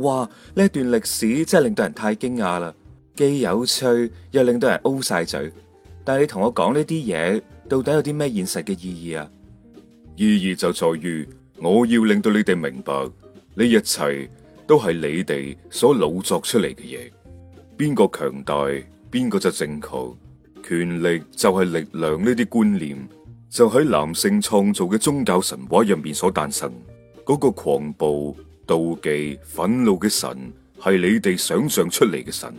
哇！呢段歷史真係令到人太驚訝啦，既有趣又令到人 O 晒嘴。但係你同我講呢啲嘢，到底有啲咩現實嘅意義啊？意義就在於，我要令到你哋明白，呢一切都係你哋所老作出嚟嘅嘢。邊個強大，邊個就正確。權力就係力量呢啲觀念，就喺男性創造嘅宗教神話入面所誕生。嗰個狂暴、妒忌、憤怒嘅神係你哋想象出嚟嘅神。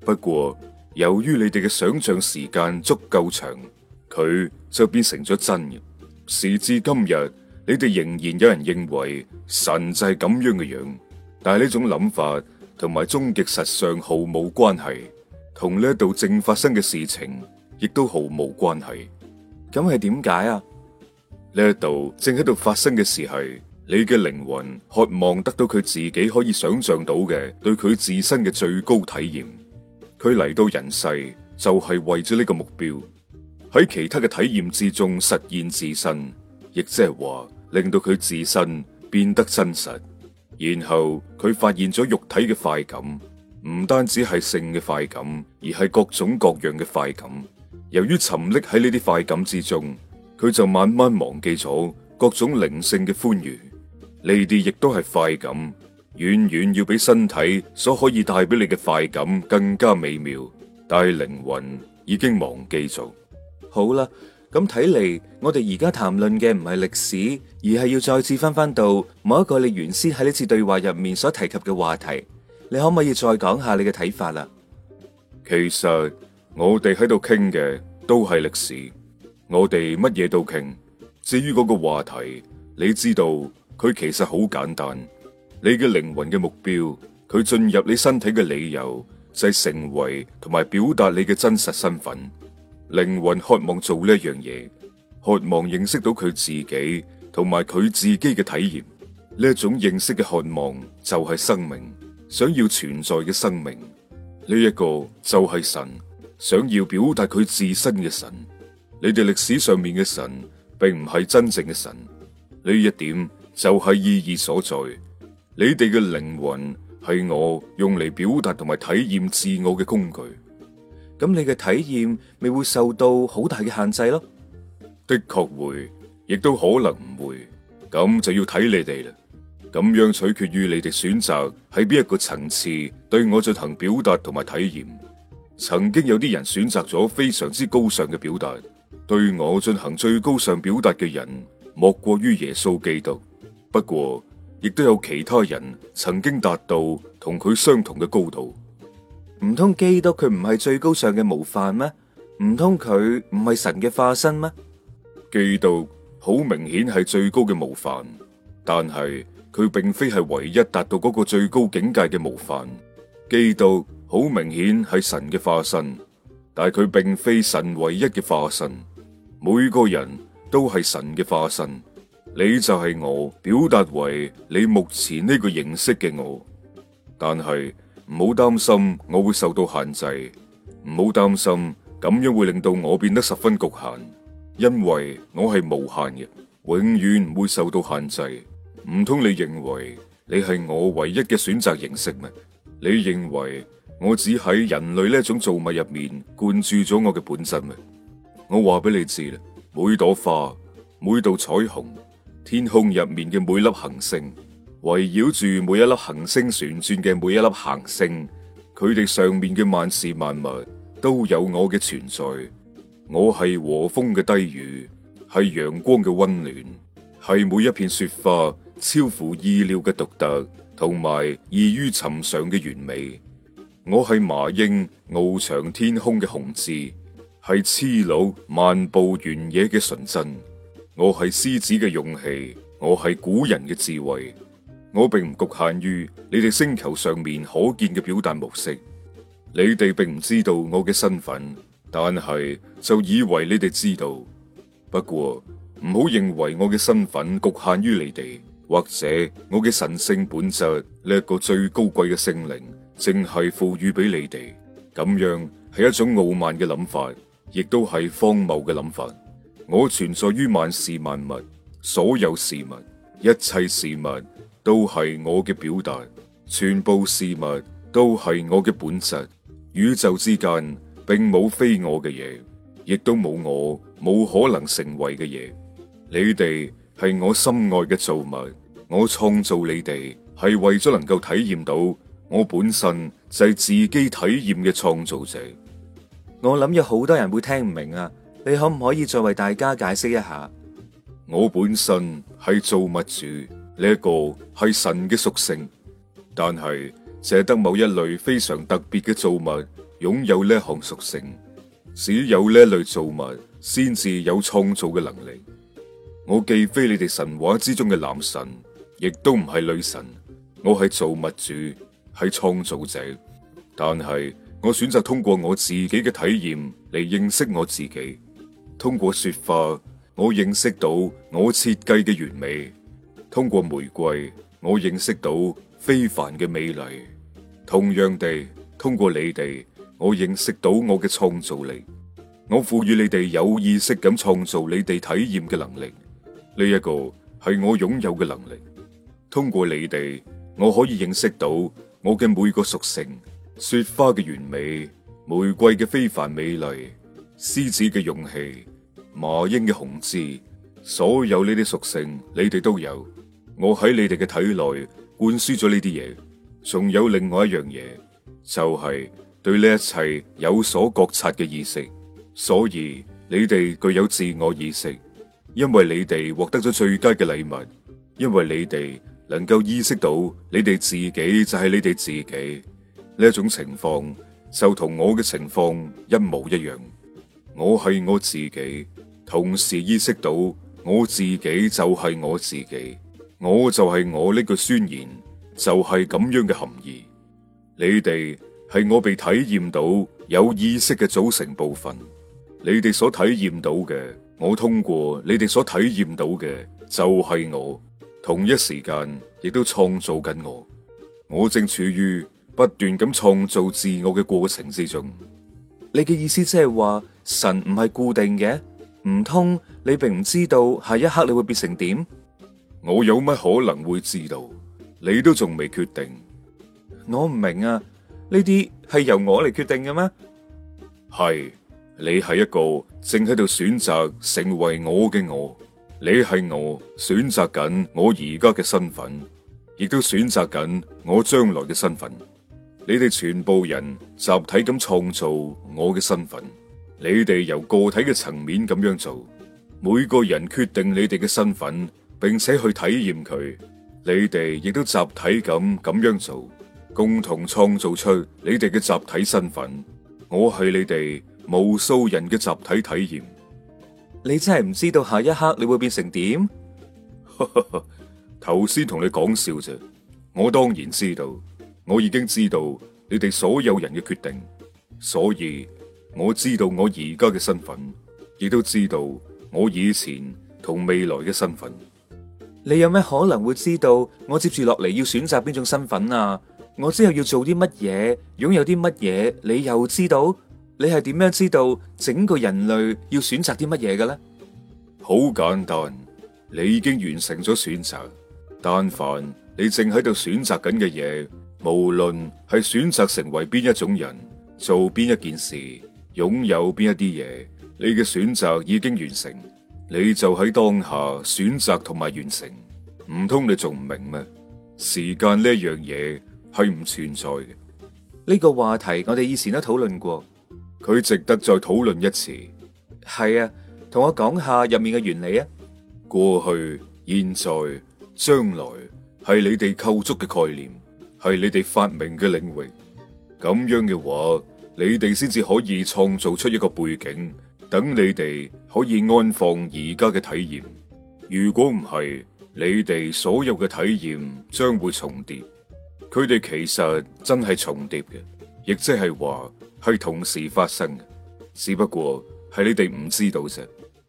不過由於你哋嘅想象時間足夠長，佢就變成咗真嘅。時至今日，你哋仍然有人認為神就係咁樣嘅樣。但係呢種諗法同埋終極實相毫無關係，同呢一度正發生嘅事情亦都毫無關係。咁係點解啊？呢一度正喺度發生嘅事係……你嘅靈魂渴望得到佢自己可以想象到嘅對佢自身嘅最高體驗。佢嚟到人世就係為咗呢個目標，喺其他嘅體驗之中實現自身，亦即係話令到佢自身變得真實。然後佢發現咗肉體嘅快感，唔單止係性嘅快感，而係各種各樣嘅快感。由於沉溺喺呢啲快感之中，佢就慢慢忘記咗各種靈性嘅歡愉。呢啲亦都係快感，遠遠要比身體所可以帶俾你嘅快感更加美妙，但係靈魂已經忘記咗。好啦，咁睇嚟，我哋而家談論嘅唔係歷史，而係要再次翻翻到某一個你原先喺呢次對話入面所提及嘅話題，你可唔可以再講下你嘅睇法啦？其實我哋喺度傾嘅都係歷史，我哋乜嘢都傾。至於嗰個話題，你知道。佢其實好簡單，你嘅靈魂嘅目標，佢進入你身體嘅理由就係成為同埋表達你嘅真實身份。靈魂渴望做呢一樣嘢，渴望認識到佢自己同埋佢自己嘅體驗。呢一種認識嘅渴望就係生命，想要存在嘅生命。呢一個就係神，想要表達佢自身嘅神。你哋歷史上面嘅神並唔係真正嘅神。呢一點，就係意義所在，你哋嘅靈魂係我用嚟表達同埋體驗自我嘅工具。咁你嘅體驗未會受到好大嘅限制咯？的確會，亦都可能唔會，咁就要睇你哋啦。咁樣取決於你哋選擇喺邊一個層次對我進行表達同埋體驗。曾經有啲人選擇咗非常之高尚嘅表達，對我進行最高尚表達嘅人，莫過於耶穌基督。不過，亦都有其他人曾經達到同佢相同嘅高度。唔通基督佢唔係最高上嘅模範咩？唔通佢唔係神嘅化身咩？基督好明顯係最高嘅模範，但係佢並非係唯一達到嗰個最高境界嘅模範。基督好明顯係神嘅化身，但係佢並非神唯一嘅化身。每個人都係神嘅化身。你就係我，表達為你目前呢個形式嘅我，但係唔好擔心我會受到限制，唔好擔心咁樣會令到我變得十分局限，因為我係無限嘅，永遠唔會受到限制。唔通你認為你係我唯一嘅選擇形式咩？你認為我只喺人類呢一種造物入面灌注咗我嘅本質咩？我話俾你知啦，每朵花，每道彩虹。天空入面嘅每粒行星，圍繞住每一粒行星旋轉嘅每一粒行星，佢哋上面嘅萬事萬物都有我嘅存在。我係和風嘅低語，係陽光嘅溫暖，係每一片雪花超乎意料嘅獨特，同埋異於尋常嘅完美。我係麻鷹翱翔天空嘅雄姿，係痴佬漫步原野嘅純真。我係獅子嘅勇氣，我係古人嘅智慧，我並唔局限於你哋星球上面可見嘅表達模式。你哋並唔知道我嘅身份，但係就以為你哋知道。不過唔好認為我嘅身份局限於你哋，或者我嘅神聖本質，呢個最高貴嘅聖靈淨係賦予俾你哋。咁樣係一種傲慢嘅諗法，亦都係荒謬嘅諗法。我存在於萬事萬物，所有事物、一切事物都係我嘅表達，全部事物都係我嘅本質。宇宙之間並冇非我嘅嘢，亦都冇我冇可能成為嘅嘢。你哋係我心愛嘅造物，我創造你哋係為咗能夠體驗到我本身就係自己體驗嘅創造者。我諗有好多人會聽唔明啊！你可唔可以再為大家解釋一下？我本身係造物主，呢一個係神嘅屬性，但係只得某一類非常特別嘅造物擁有呢一項屬性，只有呢一類造物先至有創造嘅能力。我既非你哋神話之中嘅男神，亦都唔係女神，我係造物主，係創造者，但係我選擇通過我自己嘅體驗嚟認識我自己。通過雪花，我認識到我設計嘅完美；通過玫瑰，我認識到非凡嘅美麗。同樣地，通過你哋，我認識到我嘅創造力。我賦予你哋有意識咁創造你哋體驗嘅能力，呢一個係我擁有嘅能力。通過你哋，我可以認識到我嘅每個屬性：雪花嘅完美，玫瑰嘅非凡美麗。獅子嘅勇氣，麻鷹嘅雄姿，所有呢啲屬性，你哋都有。我喺你哋嘅體內灌輸咗呢啲嘢，仲有另外一樣嘢，就係、是、對呢一切有所覺察嘅意識。所以你哋具有自我意識，因為你哋獲得咗最佳嘅禮物，因為你哋能夠意識到你哋自己就係你哋自己呢一種情況，就同我嘅情況一模一樣。我係我自己，同時意識到我自己就係我自己，我就係我，呢個宣言就係咁樣嘅含義。你哋係我被體驗到有意識嘅組成部分，你哋所體驗到嘅，我通過你哋所體驗到嘅就係我，同一時間亦都創造緊我。我正處於不斷咁創造自我嘅過程之中。你嘅意思即係話？神唔係固定嘅，唔通，你並唔知道下一刻你會變成點？我有乜可能會知道？你都仲未決定，我唔明啊。呢啲係由我嚟決定嘅咩？係，你係一個正喺度選擇成為我嘅我，你係我選擇緊我而家嘅身份，亦都選擇緊我將來嘅身份。你哋全部人集體咁創造我嘅身份。你哋由個體嘅層面咁樣做，每個人決定你哋嘅身份，並且去體驗佢。你哋亦都集體咁咁樣做，共同創造出你哋嘅集體身份。我係你哋無數人嘅集體體驗。你真係唔知道下一刻你會變成點？頭先同你講笑啫，我當然知道，我已經知道你哋所有人嘅決定，所以。我知道我而家嘅身份，亦都知道我以前同未來嘅身份。你有咩可能會知道我接住落嚟要選擇邊種身份啊？我之後要做啲乜嘢，擁有啲乜嘢？你又知道？你係點樣知道整個人類要選擇啲乜嘢嘅咧？好簡單，你已經完成咗選擇。但凡你正喺度選擇緊嘅嘢，無論係選擇成為邊一種人，做邊一件事。擁有邊一啲嘢？你嘅選擇已經完成，你就喺當下選擇同埋完成，唔通你仲唔明咩？時間呢樣嘢係唔存在嘅。呢個話題我哋以前都討論過，佢值得再討論一次。係啊，同我講下入面嘅原理啊。過去、現在、將來係你哋構築嘅概念，係你哋發明嘅領域。咁樣嘅話，你哋先至可以創造出一個背景，等你哋可以安放而家嘅體驗。如果唔係，你哋所有嘅體驗將會重疊。佢哋其實真係重疊嘅，亦即係話係同時發生嘅，只不過係你哋唔知道啫。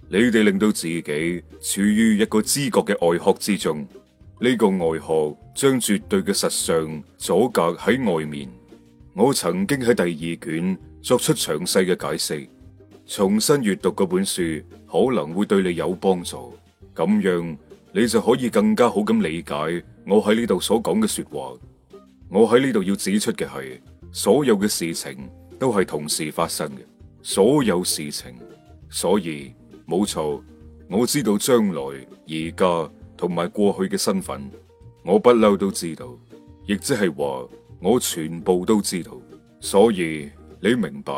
你哋令到自己處於一個知覺嘅外殼之中，呢個外殼將絕對嘅實相阻隔喺外面。我曾經喺第二卷作出詳細嘅解釋，重新閱讀嗰本書可能會對你有幫助，咁樣你就可以更加好咁理解我喺呢度所講嘅說話。我喺呢度要指出嘅係，所有嘅事情都係同時發生嘅，所有事情，所以冇錯，我知道將來、而家同埋過去嘅身份，我不嬲都知道，亦即係話。我全部都知道，所以你明白，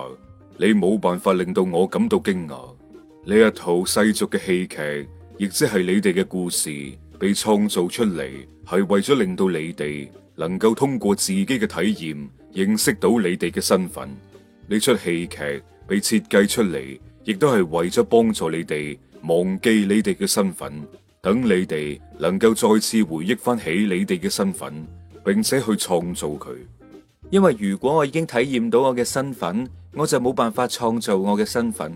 你冇辦法令到我感到驚訝。呢一套世俗嘅戲劇，亦即係你哋嘅故事，被創造出嚟，係為咗令到你哋能夠通過自己嘅體驗，認識到你哋嘅身份。呢齣戲劇被設計出嚟，亦都係為咗幫助你哋忘記你哋嘅身份，等你哋能夠再次回憶翻起你哋嘅身份。並且去創造佢，因為如果我已經體驗到我嘅身份，我就冇辦法創造我嘅身份。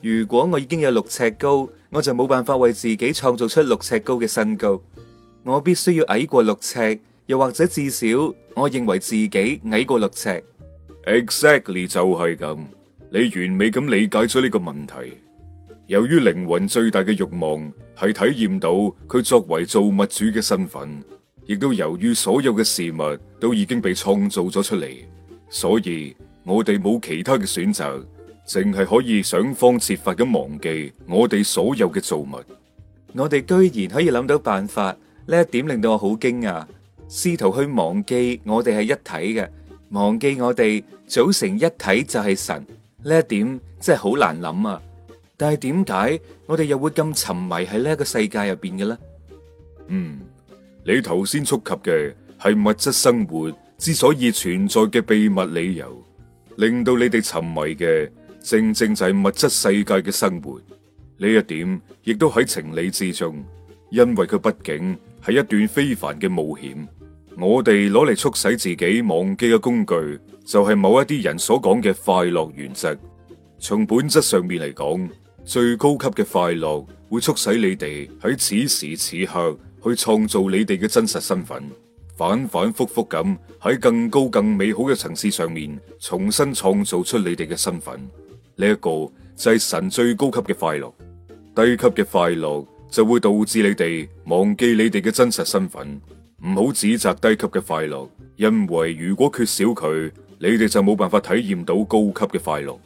如果我已經有六尺高，我就冇辦法為自己創造出六尺高嘅身高。我必須要矮過六尺，又或者至少我認為自己矮過六尺。Exactly 就係咁，你完美咁理解咗呢個問題。由於靈魂最大嘅欲望係體驗到佢作為造物主嘅身份。亦都由於所有嘅事物都已經被創造咗出嚟，所以我哋冇其他嘅選擇，淨係可以想方設法咁忘記我哋所有嘅造物。我哋居然可以諗到辦法，呢一點令到我好驚訝。試圖去忘記我哋係一體嘅，忘記我哋組成一體就係神，呢一點真係好難諗啊！但係點解我哋又會咁沉迷喺呢個世界入邊嘅咧？嗯。你頭先觸及嘅係物質生活之所以存在嘅秘密理由，令到你哋沉迷嘅正正就係物質世界嘅生活。呢一點亦都喺情理之中，因為佢畢竟係一段非凡嘅冒險。我哋攞嚟促使自己忘記嘅工具，就係某一啲人所講嘅快樂原則。從本質上面嚟講，最高級嘅快樂會促使你哋喺此時此刻去創造你哋嘅真實身份，反反复复咁喺更高更美好嘅層次上面重新創造出你哋嘅身份，呢一個就係神最高級嘅快樂，低級嘅快樂就會導致你哋忘記你哋嘅真實身份。唔好指責低級嘅快樂，因為如果缺少佢，你哋就冇辦法體驗到高級嘅快樂。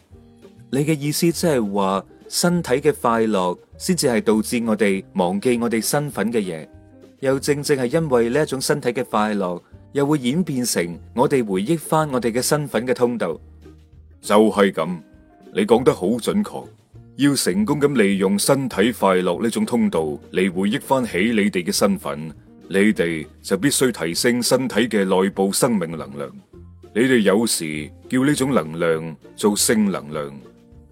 你嘅意思即係話身體嘅快樂先至係導致我哋忘記我哋身份嘅嘢。又正正係因為呢種身體嘅快樂，又會演變成我哋回憶翻我哋嘅身份嘅通道。就係咁，你講得好準確。要成功咁利用身體快樂呢種通道嚟回憶翻起你哋嘅身份，你哋就必須提升身體嘅內部生命能量。你哋有時叫呢種能量做性能量，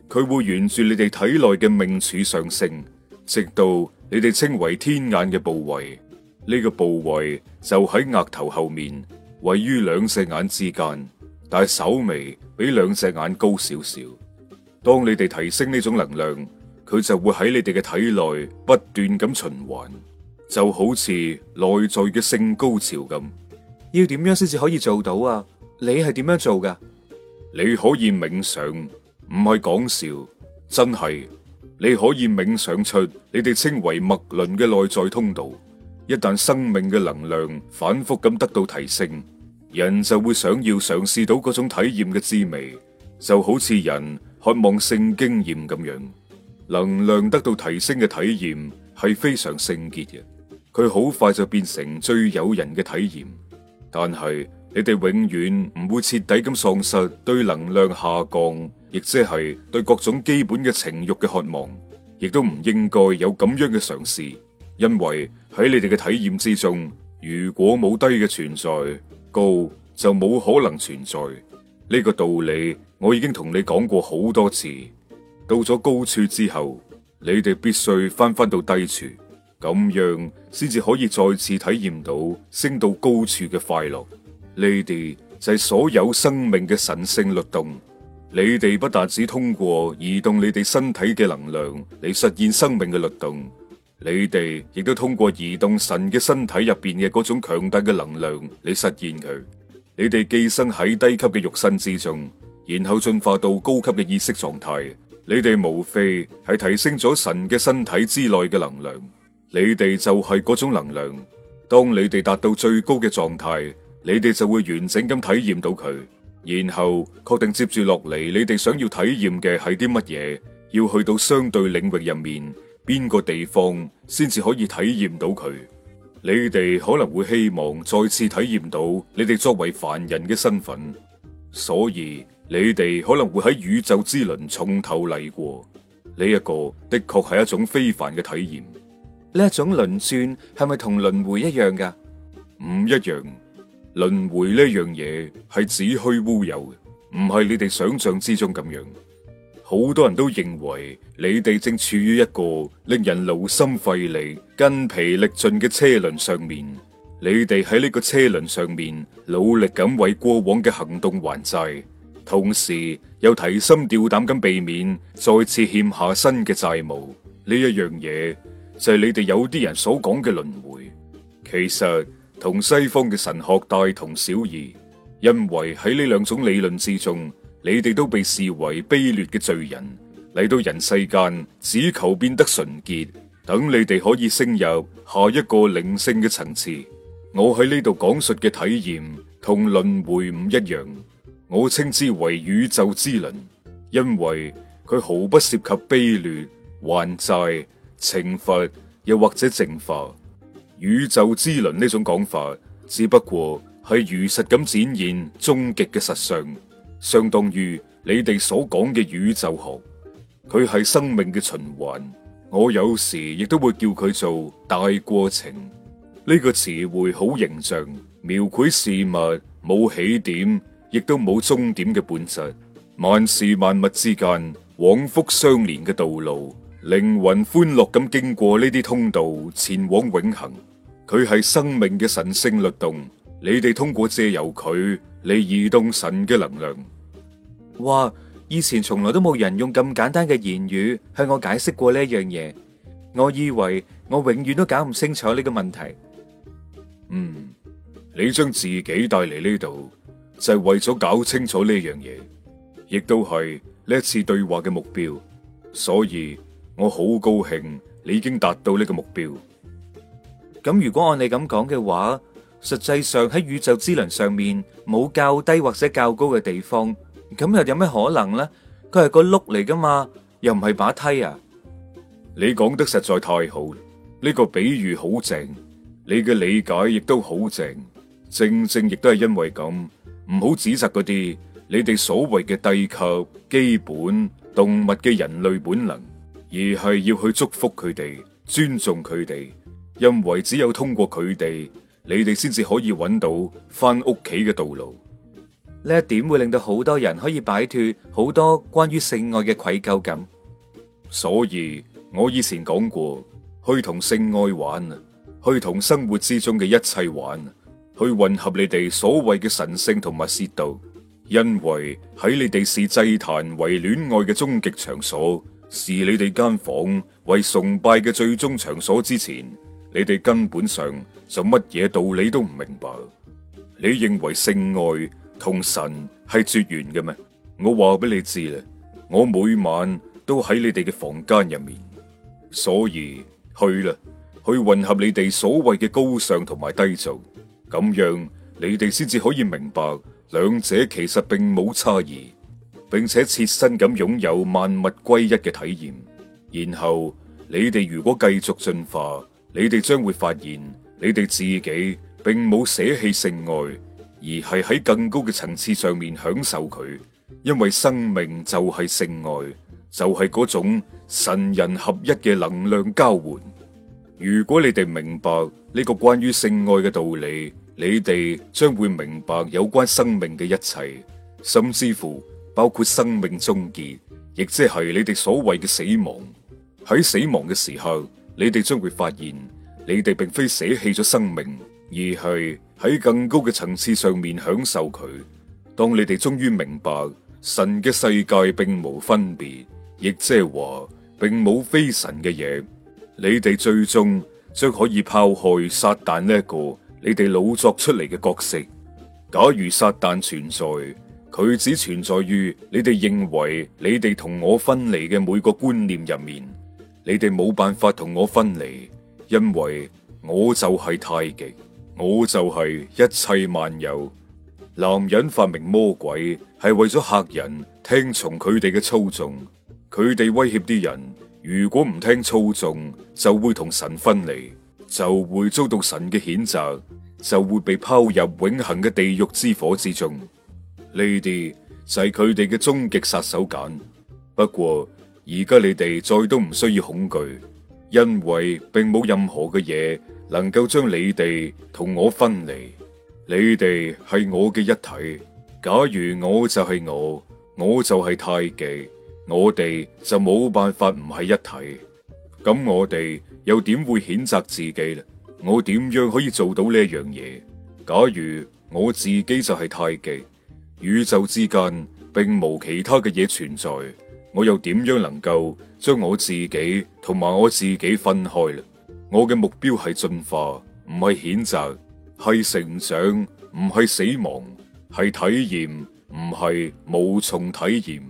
佢會沿住你哋體內嘅命柱上升，直到你哋稱為天眼嘅部位。呢個部位就喺額頭後面，位於兩隻眼之間，但係稍微比兩隻眼高少少。當你哋提升呢種能量，佢就會喺你哋嘅體內不斷咁循環，就好似內在嘅性高潮咁。要點樣先至可以做到啊？你係點樣做噶？你可以冥想，唔係講笑，真係。你可以冥想出你哋稱為脈輪嘅內在通道。一旦生命嘅能量反復咁得到提升，人就會想要嘗試到嗰種體驗嘅滋味，就好似人渴望性經驗咁樣。能量得到提升嘅體驗係非常聖潔嘅，佢好快就變成最誘人嘅體驗。但係你哋永遠唔會徹底咁喪失對能量下降，亦即係對各種基本嘅情慾嘅渴望，亦都唔應該有咁樣嘅嘗試。因為喺你哋嘅體驗之中，如果冇低嘅存在，高就冇可能存在。呢個道理我已經同你講過好多次。到咗高處之後，你哋必須翻翻到低處，咁樣先至可以再次體驗到升到高處嘅快樂。你哋就係所有生命嘅神聖律動。你哋不但只通過移動你哋身體嘅能量嚟實現生命嘅律動。你哋亦都通過移動神嘅身體入邊嘅嗰種強大嘅能量嚟實現佢。你哋寄生喺低級嘅肉身之中，然後進化到高級嘅意識狀態。你哋無非係提升咗神嘅身體之內嘅能量。你哋就係嗰種能量。當你哋達到最高嘅狀態，你哋就會完整咁體驗到佢。然後確定接住落嚟，你哋想要體驗嘅係啲乜嘢，要去到相對領域入面。邊個地方先至可以體驗到佢？你哋可能會希望再次體驗到你哋作為凡人嘅身份，所以你哋可能會喺宇宙之輪重頭嚟過，呢一個的確係一種非凡嘅體驗。呢一種輪轉係咪同輪迴一樣噶？唔一樣，輪迴呢樣嘢係子虛烏有嘅，唔係你哋想象之中咁樣。好多人都認為你哋正處於一個令人勞心費力、筋疲力盡嘅車輪上面。你哋喺呢個車輪上面努力咁為過往嘅行動還債，同時又提心吊膽咁避免再次欠下新嘅債務。呢一樣嘢就係你哋有啲人所講嘅輪迴，其實同西方嘅神學大同小異，因為喺呢兩種理論之中。你哋都被視為卑劣嘅罪人嚟到人世間，只求變得純潔，等你哋可以升入下一個靈性嘅層次。我喺呢度講述嘅體驗同輪迴唔一樣，我稱之為宇宙之輪，因為佢毫不涉及卑劣、還債、懲罰，又或者淨化。宇宙之輪呢種講法，只不過係如實咁展現終極嘅實相。相當於你哋所講嘅宇宙學，佢係生命嘅循環。我有時亦都會叫佢做大過程呢個詞彙，好形象描繪事物冇起點亦都冇終點嘅本質。萬事萬物之間往複相連嘅道路，靈魂歡樂咁經過呢啲通道前往永恒。佢係生命嘅神聖律動。你哋通過借由佢嚟移動神嘅能量。哇！以前從來都冇人用咁簡單嘅言語向我解釋過呢樣嘢。我以為我永遠都搞唔清楚呢個問題。嗯，你將自己帶嚟呢度就係、是、為咗搞清楚呢樣嘢，亦都係呢次對話嘅目標。所以，我好高興你已經達到呢個目標。咁、嗯就是、如果按你咁講嘅話？實際上喺宇宙之輪上面冇較低或者較高嘅地方，咁又有咩可能呢？佢係個碌嚟噶嘛，又唔係把梯啊！你講得實在太好，呢個比喻好正，你嘅理解亦都好正。正正亦都係因為咁，唔好指責嗰啲你哋所謂嘅低級、基本動物嘅人類本能，而係要去祝福佢哋、尊重佢哋，因為只有通過佢哋。你哋先至可以揾到翻屋企嘅道路，呢一點會令到好多人可以擺脫好多關於性愛嘅愧疚感。所以我以前講過，去同性愛玩，去同生活之中嘅一切玩，去混合你哋所謂嘅神聖同埋褻瀆，因為喺你哋視祭壇為戀愛嘅終極場所，視你哋間房為崇拜嘅最終場所之前，你哋根本上。就乜嘢道理都唔明白。你認為性愛同神係絕緣嘅咩？我話俾你知啦，我每晚都喺你哋嘅房間入面，所以去啦，去混合你哋所謂嘅高尚同埋低俗，咁樣你哋先至可以明白兩者其實並冇差異，並且切身咁擁有萬物歸一嘅體驗。然後你哋如果繼續進化，你哋將會發現。你哋自己並冇捨棄性愛，而係喺更高嘅層次上面享受佢，因為生命就係性愛，就係嗰種神人合一嘅能量交換。如果你哋明白呢個關於性愛嘅道理，你哋將會明白有關生命嘅一切，甚至乎包括生命終結，亦即係你哋所謂嘅死亡。喺死亡嘅時候，你哋將會發現。你哋並非捨棄咗生命，而係喺更高嘅層次上面享受佢。當你哋終於明白神嘅世界並無分別，亦即係話並冇非神嘅嘢，你哋最終將可以拋開撒旦呢一個你哋老作出嚟嘅角色。假如撒旦存在，佢只存在於你哋認為你哋同我分離嘅每個觀念入面，你哋冇辦法同我分離。因為我就係太極，我就係一切萬有。男人發明魔鬼係為咗嚇人，聽從佢哋嘅操縱，佢哋威脅啲人，如果唔聽操縱，就會同神分離，就會遭到神嘅譴責，就會被拋入永恆嘅地獄之火之中。呢啲就係佢哋嘅終極殺手鐧。不過而家你哋再都唔需要恐懼。因為並冇任何嘅嘢能夠將你哋同我分離，你哋係我嘅一體。假如我就係我，我就係太極，我哋就冇辦法唔係一體。咁我哋又點會譴責自己呢？我點樣可以做到呢一樣嘢？假如我自己就係太極，宇宙之間並冇其他嘅嘢存在。我又點樣能夠將我自己同埋我自己分開咧？我嘅目標係進化，唔係譴責，係成長，唔係死亡，係體驗，唔係無從體驗。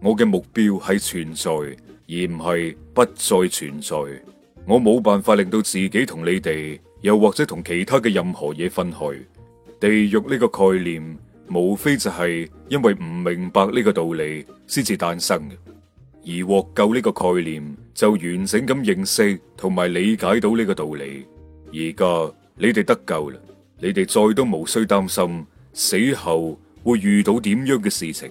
我嘅目標係存在，而唔係不再存在。我冇辦法令到自己同你哋，又或者同其他嘅任何嘢分開。地獄呢個概念，無非就係因為唔明白呢個道理，先至誕生嘅；而獲救呢個概念，就完整咁認識同埋理解到呢個道理。而家你哋得救啦，你哋再都無需擔心死後會遇到點樣嘅事情。